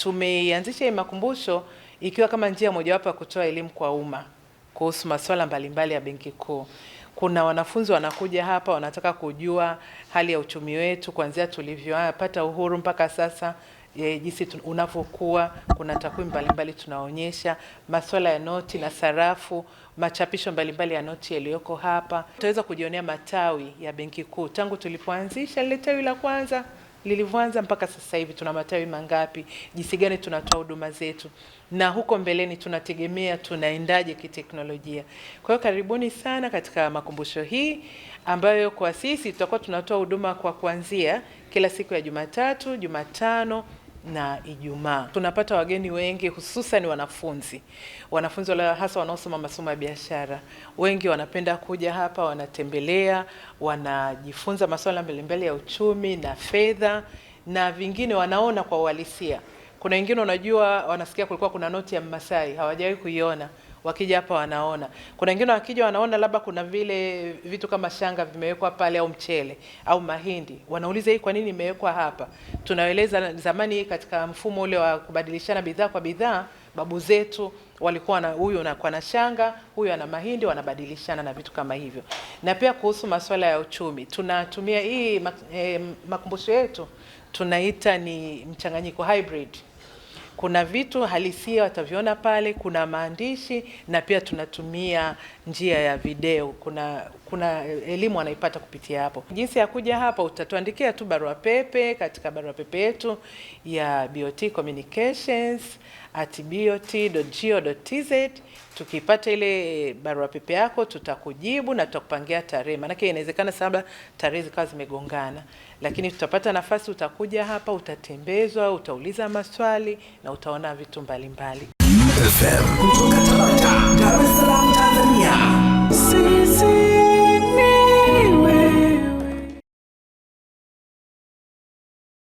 Tumeianzisha hii makumbusho ikiwa kama njia mojawapo ya kutoa elimu kwa umma kuhusu masuala mbalimbali ya Benki Kuu. Kuna wanafunzi wanakuja hapa wanataka kujua hali ya uchumi wetu kuanzia tulivyopata uhuru mpaka sasa, e, jinsi unavyokuwa. Kuna takwimu mbalimbali tunaonyesha, masuala ya noti na sarafu, machapisho mbalimbali ya noti yaliyoko hapa. Tutaweza kujionea matawi ya Benki Kuu tangu tulipoanzisha lile tawi la kwanza lilivyoanza mpaka sasa hivi tuna matawi mangapi, jinsi gani tunatoa huduma zetu, na huko mbeleni tunategemea tunaendaje kiteknolojia. Kwa hiyo karibuni sana katika makumbusho hii ambayo kwa sisi tutakuwa tunatoa huduma kwa kuanzia kila siku ya Jumatatu, Jumatano na Ijumaa. Tunapata wageni wengi hususan wanafunzi, wanafunzi wale hasa wanaosoma masomo ya biashara. Wengi wanapenda kuja hapa, wanatembelea, wanajifunza masuala mbalimbali ya uchumi na fedha na vingine, wanaona kwa uhalisia. Kuna wengine, unajua, wanasikia kulikuwa kuna noti ya Mmasai, hawajawahi kuiona wakija hapa wanaona. Kuna wengine wakija wanaona labda kuna vile vitu kama shanga vimewekwa pale au mchele au mahindi, wanauliza hii kwa nini imewekwa hapa? Tunaeleza zamani katika mfumo ule wa kubadilishana bidhaa kwa bidhaa, babu zetu walikuwa na huyu anakuwa na shanga, huyu ana mahindi, wanabadilishana na vitu kama hivyo. Na pia kuhusu masuala ya uchumi, tunatumia hii mak, eh, makumbusho yetu tunaita ni mchanganyiko hybrid kuna vitu halisia wataviona pale, kuna maandishi na pia tunatumia njia ya video. Kuna kuna elimu anaipata kupitia hapo. Jinsi ya kuja hapa, utatuandikia tu barua pepe katika barua pepe yetu ya BOT communications at bot.go.tz. Tukipata ile barua pepe yako, tutakujibu na tutakupangia tarehe, maanake inawezekana sababu tarehe zikawa zimegongana, lakini tutapata nafasi, utakuja hapa, utatembezwa, utauliza maswali na utaona vitu mbalimbali mbali.